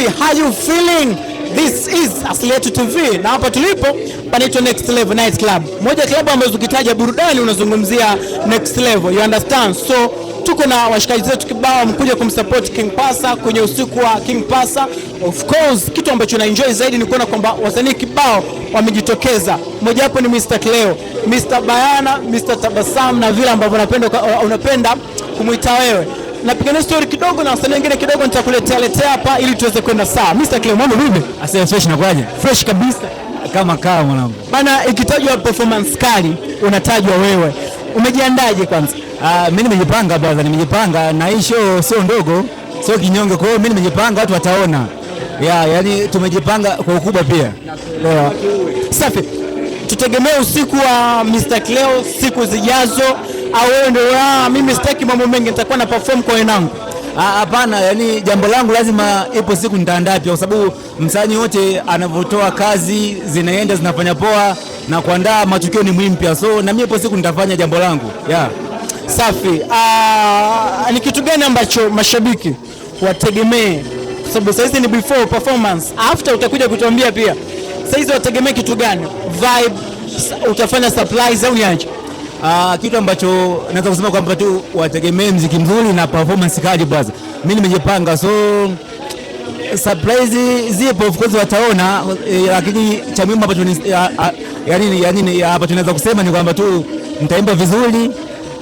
TV. How you feeling? This is Asili Yetu TV, na hapa tulipo panaitwa Next Level Night Club, moja klabu ambazo ukitaja burudani unazungumzia Next Level, you understand? So tuko na washikaji zetu kibao, mkuja kumsupport King Pasa kwenye usiku wa King Pasa. Of course, kitu ambacho na enjoy zaidi ni kuona kwamba wasanii kibao wamejitokeza. Mmoja wapo ni Mr. Cleo, Mr. Bayana, Mr. Tabasam na vile ambavyo unapenda, unapenda kumwita wewe napigania story kidogo na wasanii wengine kidogo, nitakuletea letea hapa ili tuweze kwenda sawa. Mr. Clement vipi? Asante fresh na kwaje? Fresh kabisa kama kaa mwanangu. Bana, ikitajwa performance kali unatajwa wewe. Umejiandaje kwanza? Ah, mimi nimejipanga brother, nimejipanga na hii show sio ndogo, sio kinyonge. Kwa hiyo mimi nimejipanga, watu wataona. Yeah, yani tumejipanga kwa ukubwa pia. Safi. Tutegemee usiku wa Mr. Cleo siku zijazo au wewe ndio ah, mimi sitaki mambo mengi, nitakuwa na perform kwa wenangu? Ah, hapana, yani jambo langu lazima ipo siku nitaandaa pia, kwa sababu msanii wote anavyotoa kazi zinaenda zinafanya poa, na kuandaa matukio ni muhimu pia, so na mimi ipo siku nitafanya jambo langu yeah. Safi. Aa, ah, ni kitu gani ambacho mashabiki wategemee? Kwa sababu sasa ni before performance, after utakuja kutuambia pia. Sasa wategemee kitu gani? Vibe, utafanya surprise au niaje? Uh, kitu ambacho naweza kusema kwamba tu wategemee mziki mzuri na performance kali brother. Mimi nimejipanga so surprise zipo of course wataona eh, lakini cha muhimu hapa yani yani hapa tunaweza kusema ni kwamba tu nitaimba vizuri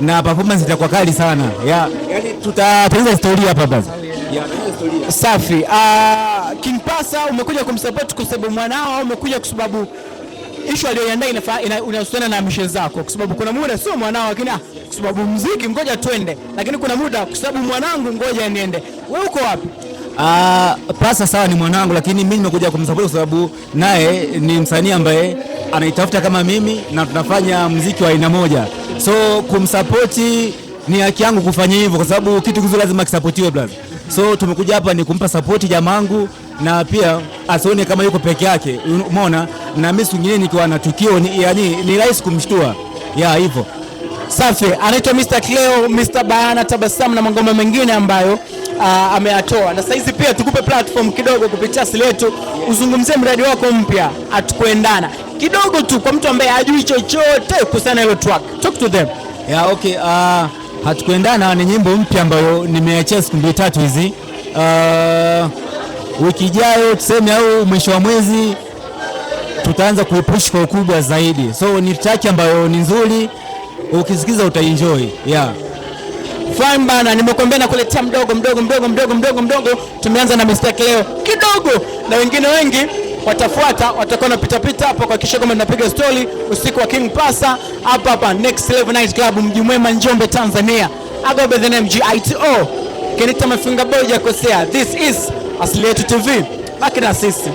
na performance itakuwa kali sana. Yeah. Yaani tutatengeneza historia hapa brother. Yeah, historia. Safi. Ah, uh, King Pasa umekuja kumsupport kwa sababu mwanao au umekuja kwa sababu ishu aliyoiandaa inahusiana na mishe zako, kwa sababu kuna muda sio mwanao, lakini ah, kwa sababu mziki ngoja twende, lakini kuna muda kwa sababu mwanangu ngoja niende. Wewe uko wapi? Uh, Pasa sawa, ni mwanangu, lakini mimi nimekuja kumsapoti kwa sababu naye ni msanii ambaye anaitafuta kama mimi na tunafanya mziki wa aina moja, so kumsapoti ni haki yangu kufanya hivyo, kwa sababu kitu kizuri lazima kisapotiwe brother. So tumekuja hapa ni kumpa sapoti jamangu na pia asione kama yuko peke yake, umeona. Na mimi singine nikiwa na tukio ni, yani, ni rahisi kumshtua ya hivyo. Safi, anaitwa Mr. Cleo, Mr. Bayana Tabasamu na mangoma mengine ambayo Uh, ameyatoa na saizi pia tukupe platform kidogo kupitia sili yetu uzungumzie mradi wako mpya Hatukuendana kidogo tu kwa mtu ambaye hajui chochote kuhusiana na track. Talk to them. Yeah, okay. Uh, Hatukuendana ni nyimbo mpya ambayo nimeachia siku mbili tatu hizi uh, wiki ijayo tuseme, au mwisho wa mwezi tutaanza kuipush kwa ukubwa zaidi. So ni track ambayo ni nzuri, ukisikiza utaenjoy. Yeah. Fine bana, nimekuambia nakuletea mdogo mdogo mdogo mdogo mdogo mdogo. Tumeanza na mistake leo kidogo, na wengine wengi watafuata, watakuwa napita pita hapo kuhakikisha kwamba tunapiga stori usiku wa King Pasa hapa hapa Next Level Night Club, mji mwema, Njombe, Tanzania. I go by the name GITO, Kenita Mafinga Boy, jakosea. This is Asili Yetu TV, baki na sisi.